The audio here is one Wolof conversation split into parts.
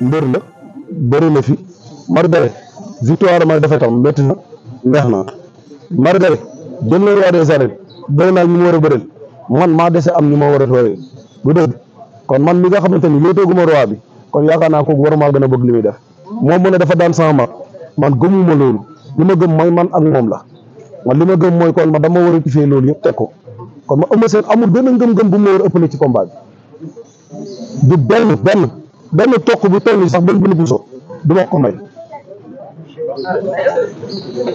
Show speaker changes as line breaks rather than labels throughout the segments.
mbër la na fi Margaret victoire ma defe tam métti na neex na Margaret jël na roi des arènes naa ñu ma war man maa dese am ñu ma war a bëreel bu kon man mi nga xamante ni léeteeguma roi bi kon yaakaar naa kooku waruma gën a bëgg li muy def moom mu ne dafa daan sama mag man gëmuma loolu li ma gëm mooy man ak moom la man li ma gëm mooy kon ma dama war a tifee loolu yëpp teg ko kon ma ëmb seen amul benn ngëm-ngëm bu ma war a ëppale ci combat bi du benn benn ben tok bu toll sax ben bu buso du ko may.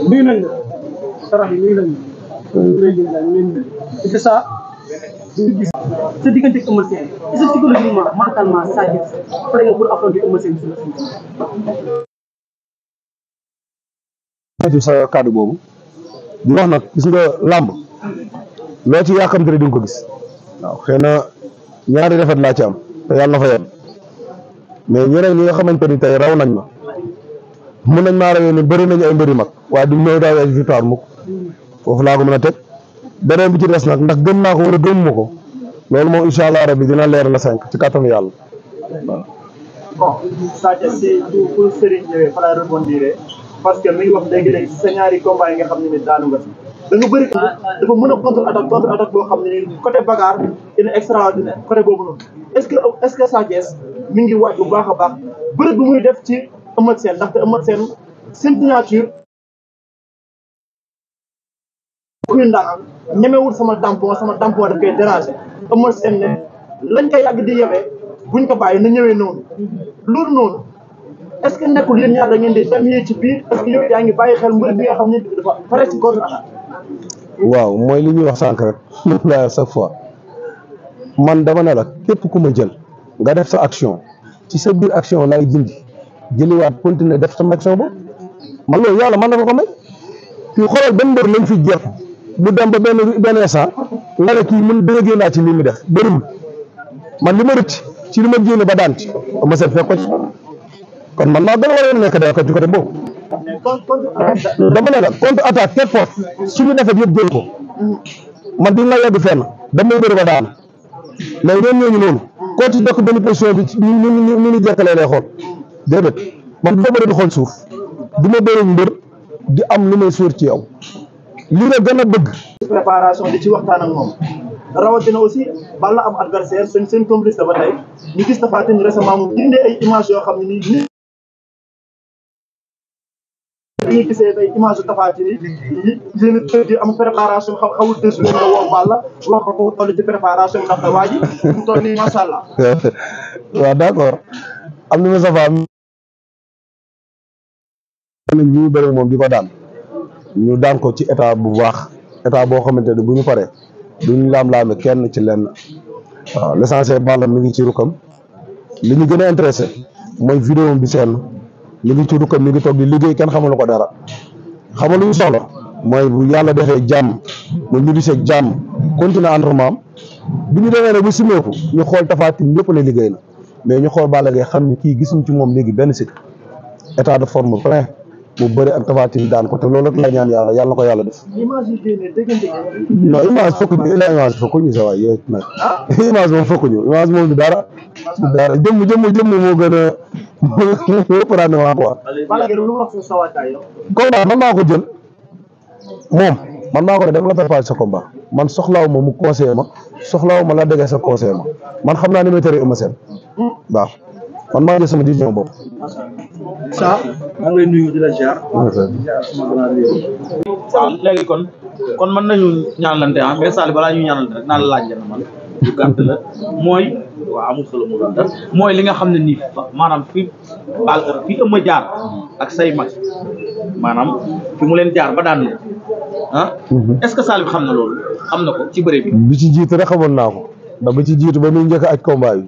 ni nañ sarax ni nañ hmm. c'est ça sa diggante ak Eumeu Sène est psychologie psychologiquement mentalement saa jëf pare nga pour affronter Eumeu Sène si la sa cadre bobu di wax nak gis nga lamb lo ci yàkkamte di nga ko gis waaw xena ñaari rafet la ci am te yàlla fa yem mais ñeneen ñi nga xamante ni tey raw nañ ma mun nañ maa rawee ne bëri nañu ay mbëri mag waaye duñ may daawee victoire mukk foofu laa ko mën a teg beneen bi ci des nag ndax gën naa ko wala gëm ma ko loolu moom incha allah rabbi dina leer la cinq ci kàttanu yàlla danga bëri dafa mën a contre attaque contre boo xam ne côté bagarre dina extraordinaire côté boobu noonu est ce que est ce que Sa Thiès mi ngi bu baax a baax bëri muy def ci Eumeu Sène ndaxte Eumeu Sène seen signature kuy ndax ñemewul sama tampon sama tampon daf koy déranger Eumeu Sène ne lañ koy yàgg di yebee buñ ko bàyyi na ñëwee noonu loolu noonu est ce que nekkul yéen ñaar da di dem ci biir parce que yaa ngi bàyyi xel mbir bi nga
xam ne dafa pare ci
waaw mooy li ñuy wax sànq rek a laa fois man dama ne la képp ku ma jël nga def sa action ci sa biir action laay dindi jëliwaat continuer def sama action boobu man loolu yàlla man dama ko may fii xoolal benn mbër lañ fi jot bu dem ba benn benn instant nga ne kii mun déggee naa ci lii mu def bëriwul man li ma rëcc ci li ma génne ba daan ma seet fekk ko ci kon man maa gën a war a nekk day ko ci côté dama ne la contre attaque tête force suñu defet jël ko man di ma yegg fenn damay bëri ba daanu mais ñoom ñooñu noonu koo ci dokk benn bi ñu ñu ñu ñu jekkalee lay xool déedéet man dama bëri di xool suuf du ma bëri mbër di am lu may suur ci yow li nga gën a bëgg. ci waxtaan ak moom rawatina aussi bala am adversaire seen seen complice la ba tey ñu gis Tapha Tine récemment mu ay image yoo xam ne nii. dañuy gisee tey image yu Tapha Tine yi yéen a di am préparation xaw xawul deux jours nga woo Balla wax ko ko toll ci préparation ndax da waa ji mu toll nii macha allah. waaw d'accord am na Moussa Fall. ñu ngi bëri moom di ko daan ñu daan ko ci état bu baax état boo xamante ne bu ñu paree duñ laam-laame kenn ci lenn waaw l'essentiel Balla mi ngi ci rukam li ñu gën a intéressé mooy vidéo bi seen. li ngi tudd ko mi ngi toog di liggéey kenn xamalu ko dara xamalu ñu soxla mooy bu yàlla defee jàmm mu ñu gisee jàmm continuer entraînement bu ñu demee nag bu simeeku ñu xool tafaatin lépp la liggéey na mais ñu xool Balla Gaye xam ne kii gisuñ ci moom léegi benn sikk état de forme plein mu bëri ak tafaatin daan ko te loolu la ñaan yàlla yàlla ko yàlla def. non image fokk ñu la image fokk ñu sa waay ah. moom du dara jëmm jëmm moo gën a pour ànd ak waa. Balla lu wax sa wàccaay yow. combat man maa jël moom man la combat man soxlaawu ma mu conseillé ma soxlaawu ma la sa ma man xam ni may tëree man maa jël sama décision bopp. saa maa ngi nuyu di la kon kon mën nañu ñaanalante ah mais Sall balaa ñuy ñaanalante rek naa la laaj man. la waaw amul solo mu doon def li nga xam ne nii fi baal fi ëmma jaar ak say mag fi mu jaar ba ah mhm. est-ce que Salif xam na loolu ko ci bëre bi bi ci jiitu rek xamoon naa bi ci jiitu ba muy njëkk aj combat bi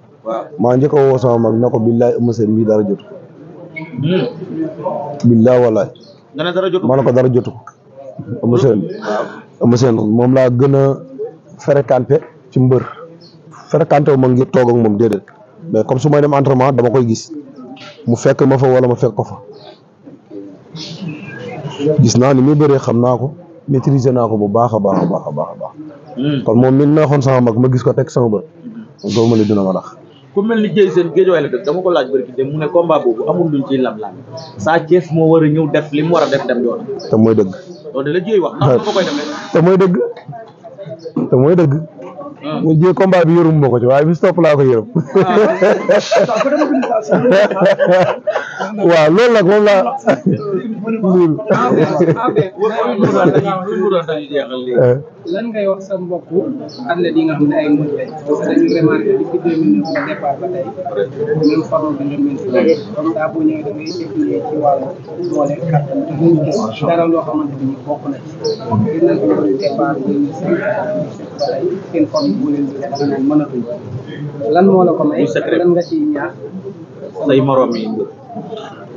maa njëkk a sama mag na ko billaay seen bii dara jotu
hmm.
billaay wallaay
nga ne dara jotu ma dara
jotu seen seen ci fréquenté wu ma ngir toog ak moom déedéet mais comme suma dem entraînement dama koy gis mu fekk ma fa wala ma fekk ko fa gis na ni mi béré xamna ko maîtriser na ko bu baaxa baaxa baaxa a baax hmm. kon mom min baax xon sama mag ma gis ko tek sama ba do hmm. ma ne dina ma nax ku melni jey sen gejo wala la dama ko laaj bërki dem mu ne combat bobu amul luñ ci lam-lam Sa Thiès mo wara a def li mu war def dem yoon te mooy dëgg loolu la jey wax ndax ko koy defee te moy dëgg te moy dëgg Ah. man jii combat bi yërëm ma ci waaye bis topp laa ko yërëm.
Ah,
Wah, loolu nag moom laa lan ngay wax sa mbokk athlètes yi nga xam ne ay mbër lañ parce que dañu remarqué depuis deux mille ba départ ba tey même forme
bi nga mën si
comme ça bu ñëwee da ngay étudier ci wàllu doole kàttan te duñu dara bokk na ci ko départ ba seen bu leen di lan la ko may lan nga say morom yi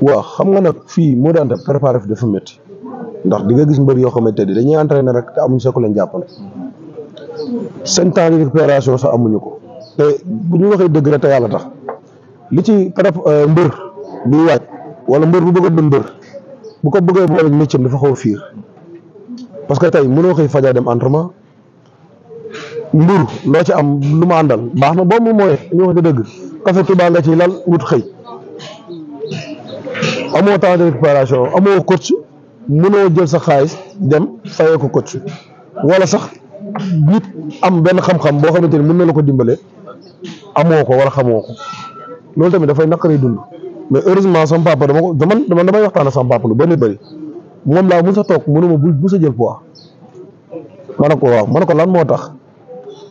waaw xam nga nak fi mo moderne préparer fi dafa métti ndax di nga gis mbeur yo xamé ni dañuy entraîner rek te amuñu sa ku leen jàppale seen temps de récupération sa amuñu ko té buñu waxé deug dëgg rek te yàlla tax li ci prép euh, mbeur bu wacc wala mbeur bu bëgg a mbeur bu ko bëggee boole métier dafa xaw a fiir parce que tay mëno xey fajaa dem entraînement mbeur lo ci am lu ma àndal baax na boobu mooy ñu wax dëgg café Touba nga ci lal wut xey amoo temps de récupération amoo coach mënoo jël sa xaalis dem fayee ko coach wala sax nit am benn xam-xam boo xamante ni mën na la ko dimbale amoo ko wala xamoo ko loolu tamit dafay naqari dund mais heureusement sama papa dama ko dama dama damay waxtaan ak sama papa lu bëri moom laa mës a toog mënuma bul mës sa jël poids ma ne ko waaw ma ne ko lan moo tax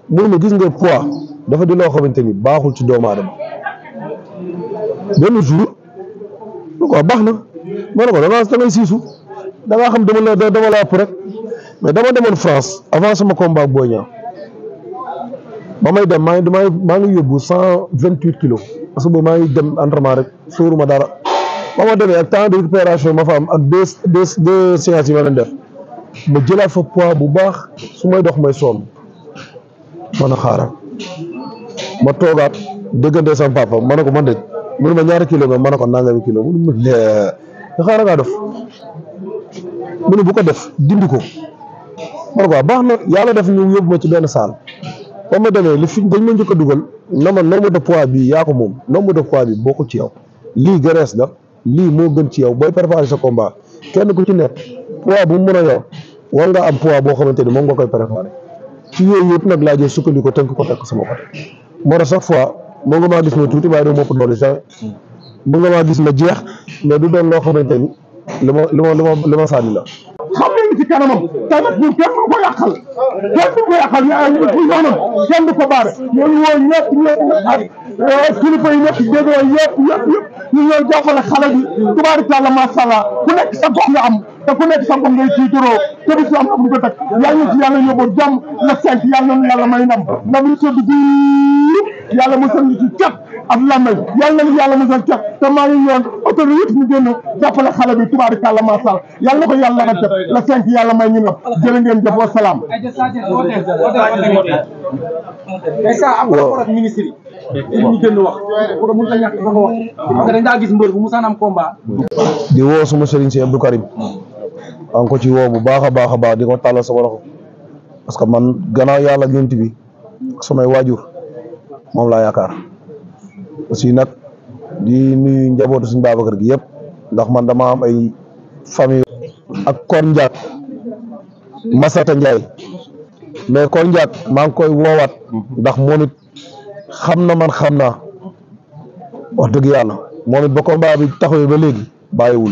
mënuma gis nga poids dafa di loo xamante ni baaxul ci doomu aadama benn jour lu ko baax na ma ne ko da ngay siisu da ngaa xam dama la dama la ëpp rek mais dama demoon France avance sama combat Boy Niang ba may dem maa ngi maa ngi yóbbu cent vingt huit kilos parce que boobu maa ngi dem entraînement rek sóoruma dara ba ma demee ak temps de récupération ma fa am ak deux deux deux séances yi ma leen def ma jëlaat fa poids bu baax su may dox may sonn man a xaaral ma toogaat déggante sama papa ma ne ko man de. mu ma ñaari kilo nga mën a ko nangami kilo mu ne ma lee nga xaaral ngaa def mu bu ko def dindi ko ma ne ko baax na yàlla ya def ñu yóbbu ma ci ben sal ba ma demee li fi dañ ma njëkk a dugal na ma nombre de poids bi ya ko mom nombre de poids bi bokku ci yow li gares da li mo gën ci yow boy préparer sa combat kenn ku ci net poids bu mu mën yow war nga am poids bo xamanteni ni nga koy préparer ci yooyu yëpp nag laa jël sukkandiku tënk ko teg sama ko mo ra chaque fois mën nga maa gis ma tuuti waaye doo mopp doole sax mën nga maa gis ma jeex mais du doon loo xamante ni li ma li ma li ma li ma la ci kanamam tamit ñun kenn du ko yàqal kenn du ko yàqal ñu ay yoonam kenn du ko baare ñooñu woo ñëpp ñëpp ak Eh, kilifa yi nekk déggoo yëpp yëpp a ñu ñëw jàppale xale bi tubaarikàlla macha ku nekk sa gox nga am te ku nekk sa gox ngay tiitaroo te du si am am ko teg yàlla na ci yàlla yóbbu jàmm la cinq yàlla na yàlla may ndam ndam lu a bi yàlla musal ñu a cat ak lamay yàlla na yàlla musal cat te a ngi yoon autorité yëpp ñu génn jàppale xale bi tubaarikàlla macha allah yàlla na ko yàlla na cat la cinq yàlla may ñu ndam jërë ngeen jëf di wo suma serigne ci abdou karim an ko ci wo bu baakha baakha ba diko talal sama loxo parce que man gëna yalla yonent bi sama wajur mom la yaakaar aussi nak di nuyu njabootu suñu babakar gi yëpp ndax man dama am ay famille ak Kor Ndiak ta Ndiaye mais Kor Ndiak mang koy wowat ndax monit xam na man xam naa wax dëgg yàlla moom it ba combat bi taxawee ba léegi bàyyiwul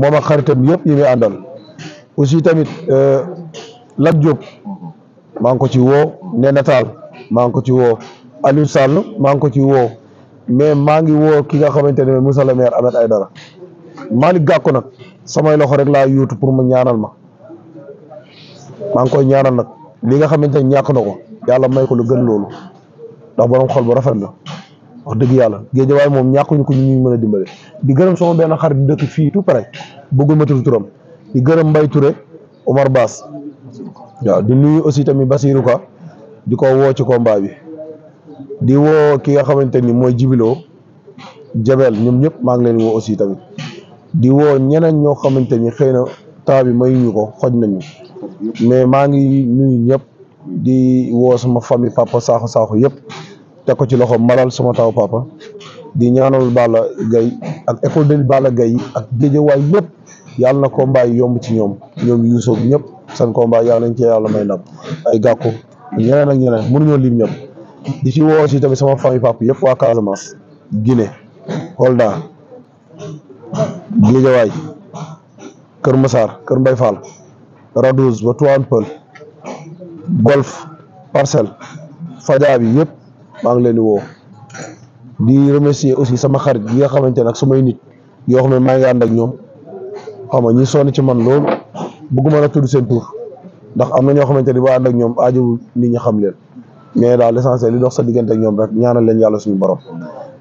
moom ak xaritam yëpp yi muy àndal aussi tamit euh, Lat Diop maa ngi ko ci woo Néné Tall maa ngi ko ci woo Aliou Sall maa ngi ko ci woo mais maa ngi woo ki nga xamante ne Moussa le maire Ahmed Aïdara Malick Gakou nag samay loxo rek laa yuut pour mu ñaanal ma maa ngi koy ñaanal nag li nga xamante ne ñàkk na ko yàlla may ko lu loolu ndax borom xol bu rafet la wax dëgg yàlla géejawaay moom ñàkkuñu ko ñu ñuy mën a dimbale di gërëm sama benn xarit bu dëkk fii tout pare bëggul ma tudd turam di gërëm Mbaye Touré Omar Baas waaw di nuyu aussi tamit Basirou Ka di ko woo ci ko mbaa bi di woo ki nga xamante ni mooy jibiloo jabel ñoom ñëpp maa ngi leen woo aussi tamit di woo ñeneen ñoo xamante ni xëy na temps bi mayuñu ko xoj nañu mais maa ngi nuyu ñëpp di woo sama famille papa saaxu saaxu yëpp teg ko ci loxo malal sama taw papa di ñaanal Balla Gaye ak école de Balla Gaye ak géejewaay yëpp yàlla na combat yi yomb ci ñoom ñoom Youssou ñëpp seen combat yàlla nañ yàlla may ndam ay gàkku ñeneen ak ñeneen mënuñoo lim ñëpp di ci woo si tamit sama famille papa yëpp waa Casamance Guinée Kolda géejewaay Kër Massar Kër Mbay Fall Radouz ba Tivaouane Peulh golf parcelle faja bi yëpp maa ngi leen di woo di remercier aussi sama xarit yi nga xamante nag samay nit yoo xam ne maa ak ñoom xam nga ñi sonn ci man loolu bëgguma la tudd seen tur ndax am na ñoo xamante ni ba ànd ak ñoom aajowul nit ñi xam leen mais daal l'essentiel li dox sa diggante ñoom rek ñaana leen yàlla suñu borom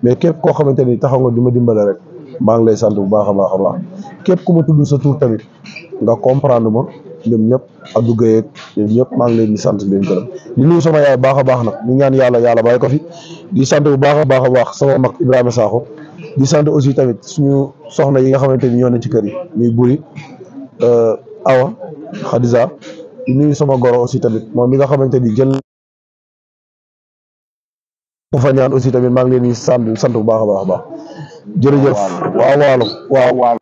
mais képp koo xamante ni taxaw nga di ma dimbale rek maa ngi lay sant bu baax a baax a baax képp ku ma tudd sa tur tamit nga comprendre ma ñep ñëpp Abdou Gueye ñom ñep ma ngi leen di sante di leen gërëm di nuyu sama yaay baaxa baax nak ñu ñaan yalla yalla bay ko fi di sante bu baaxa baaxa baax sama mak Ibrahima saxo di sante aussi tamit suñu soxna yi nga xamanteni ñoo na ci kër yi muy Buri euh, Awa Khadija di nuyu sama goro aussi tamit mo mi nga xamanteni jël ko fa ñaan aussi tamit ma ngi leen di sante sante bu baax baax a baax jërëjëf waaw waaw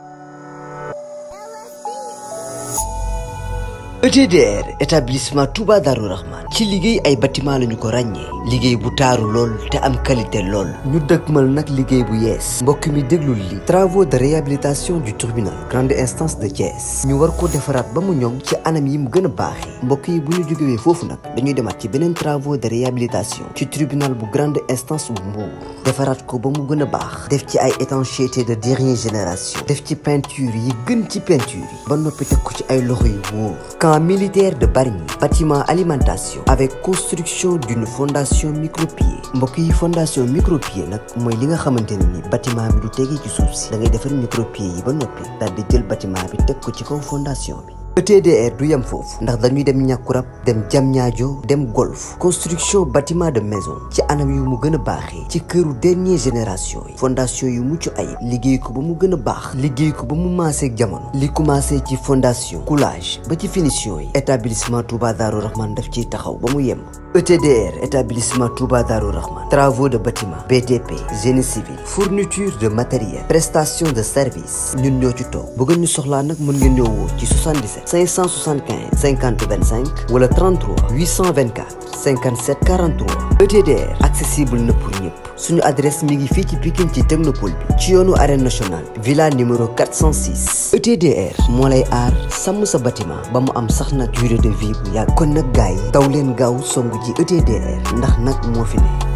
ETDR établissement Touba Darou Rahman ci liguey ay bâtiment lañu ko ragné liguey bu lool te am qualité lool ñu dëgmal nak liguey bu yees mbokk mi li travaux de réhabilitation du tribunal grande instance de Thiès ñu war ko défarat ba mu ñoŋ ci anam yi mu gëna a baaxee mbokk yi bu ñu jógewee fofu nak dañuy demaat ci benen travaux de réhabilitation ci tribunal bu grande instance bu Mbour défarat ko ba mu gëna a baax def ci ay étanchéité de dernière génération def ci peinture yi gën ci peinture yi ba nopi teg ko ci ay loxo yu camp militaire de Bargny bâtiment alimentation avec construction d'une fondation micropieux Mbokki fondation micropieux nak moy li nga xamanteni ni bâtiment bi du tegee ci souf ci da ngay defar micropieux yi ba nopi dal di jël bâtiment bi teg ko ci kaw fondation bi ETDR du yem foofu ndax dañuy dem ñàkkurab dem jamñaajo dem golf construction bâtiment de maison ci anam yu mu gën a baaxee ci këru dernier génération yi fondation yu mucc ayib liggéey ko ba mu gën a baax liggéey ko ba mu maasee jamono li commencé ci fondation coulage ba ci finition yi établissement Touba Darou Rahman daf ciy taxaw ba mu yem ETDR, établissement Touba Darou Rahman, travaux de bâtiment, BDP, génie civil, fourniture de matériel, prestation de services ñun ñoo ci toog bu Si ñu soxlaa nag mën ngeen ci 77 575 50 25 wala 33 824 57 43 ETDR accessible pour ñëpp suñu adresse mi ngi fii ci Pikine ci technopole ci arène nationale villa numéro 406 ETDR moo lay aar sa bâtiment ba mu am durée de vie bu yàgg kon nag ji ETDR ndax nag moo fi ne